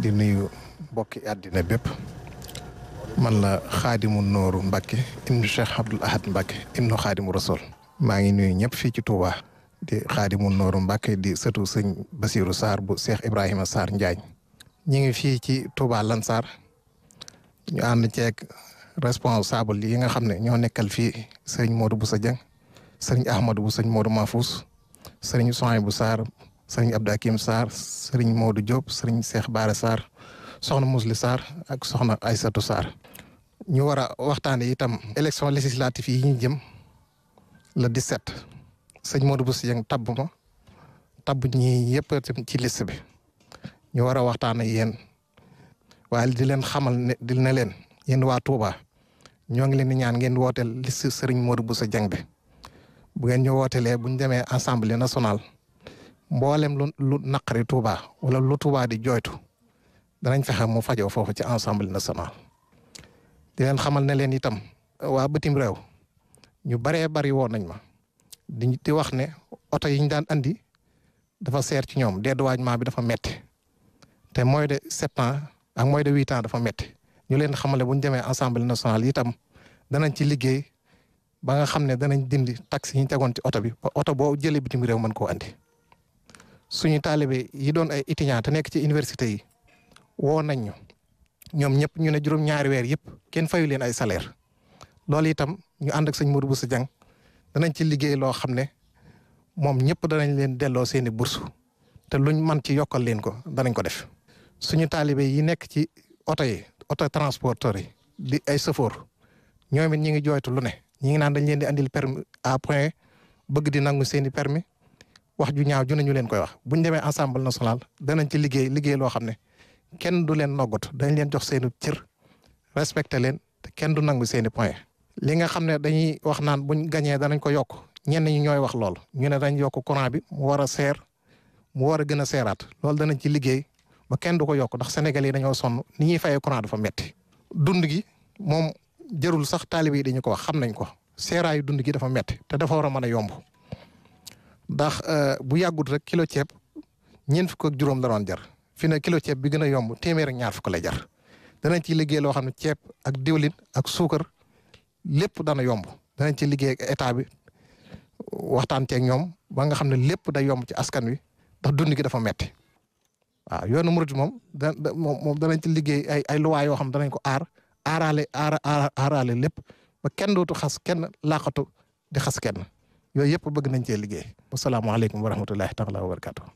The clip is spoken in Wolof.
di nuyu mbokki àddina bépp man la xaadimu nooru Mbacke ibnu Cheikh Abdoul Ahad Mbacke ibnu xaadimu rasul maa ngi nuyu ñëpp fii ci Touba di xaadimu nooru Mbacke di sëtu sëñ basiru Sarr bu Cheikh Ibrahima saar Njaañ ñu ngi fii ci Touba Lansar ñu ànd ceeg responsable yi nga xam ne ñoo nekkal fii sëñ Modou bu Dieng sëñ Ahmadou bu sëñ Modou Mahfous sëñ Sohaïbou Sarr sëriñ Abdou Hakim Sarr sëriñ Modou Diop sëriñ Cheikh Bara Sarr soxna Mousli Sarr ak soxna Aysatu Sarr. ñu war a waxtaanee itam élection législative yi ñu jëm la 17 sëñ Modou Bousso Dieng tabb ma tabb ñii yëpp ci liste bi ñu war a waxtaan ak yéen waaye di leen xamal ne di na leen yéen waa Touba ñoo ngi leen di ñaan ngeen wooteel liste sëriñ bu sa jang bi bu ngeen ñu wootelee bu ñu demee assemblée national mboolem lu lu naqari Touba wala lu Touba di jooytu danañ fexe mu fajoo foofu ci Assemblée nationale. di leen xamal na leen itam waa bitim réew ñu baree bari woon nañ ma di di wax ne oto yi ñu daan andi dafa seer ci ñoom dee dédouanement bi dafa metti te mooy de sept ans ak mooy de huit ans dafa metti ñu leen xamale bu ñu demee Assemblée nationale itam danañ ci liggéey ba nga xam ne danañ dindi taxes yi ñu tegoon ci oto bi ba oto boo jëlee bitim réew mën ko andi. suñu taalibe yi doon ay étudiants te nekk ci université yi woo nañ ñu ñoom ñëpp ñu ne juróom-ñaari weer yëpp kenn fayu leen ay salaire loolu itam ñu ànd ak sëñ Modou Bousso danañ ci liggéey loo xam ne moom ñëpp danañ leen delloo seen i bourse te luñ man ci yokkal leen ko danañ ko def. suñu taalibe yi nekk ci oto yi oto transporteur yi di ay sëfoor ñoom it ñi ngi jooytu lu ne ñi ngi naan dañ leen di andil permis à point bëgg di nangu seen i permis wax ju ñaaw ju ne ñu leen koy wax bu ñu demee ensemble national danañ ci liggéey liggéey loo xam ne kenn du leen noggut dañ leen jox seeni cër respecté leen kenn du nangu seeni point li nga xam ne dañuy wax naan buñ gañee danañ ko yokk ñenn ñi ñooy wax lool ñu ne dañ yokk courant bi mu war a seer mu war gën a seeraat loolu danañ ci liggéey ba kenn du ko yokk ndax Sénégal yi dañoo sonn ni ñuy fayee courant dafa metti dund gi moom jërul sax taalibe yi dañu ko wax xam nañ ko seeraayu dund gi dafa metti te dafa war a mën a yomb ndax euh, bu yàggut rek kilo ceeb ñeent fukk ak juróom la jar fi na kilo ceeb bi gën a yomb téeméer ak ñaar fukk lay jar danañ ci liggéey loo xam ne ceeb ak diwlin ak suukar lépp dana yomb danañ ci liggéey ak bi waxtaan ceek ñoom ba nga xam ne lépp day yomb ci askan wi ndax dund ki dafa metti waaw yoonu murit moom da danañ ci liggéey ay ay luwaa yoo xam ne danañ ko aar aaraale aara aaraale lépp ba kenn dootu xas kenn laqatu di xas kenn. yooyu yëpp bëgg nañ cee liggéey. wasalaamaaleykum wa rahmatullahi taala wa barakaatu.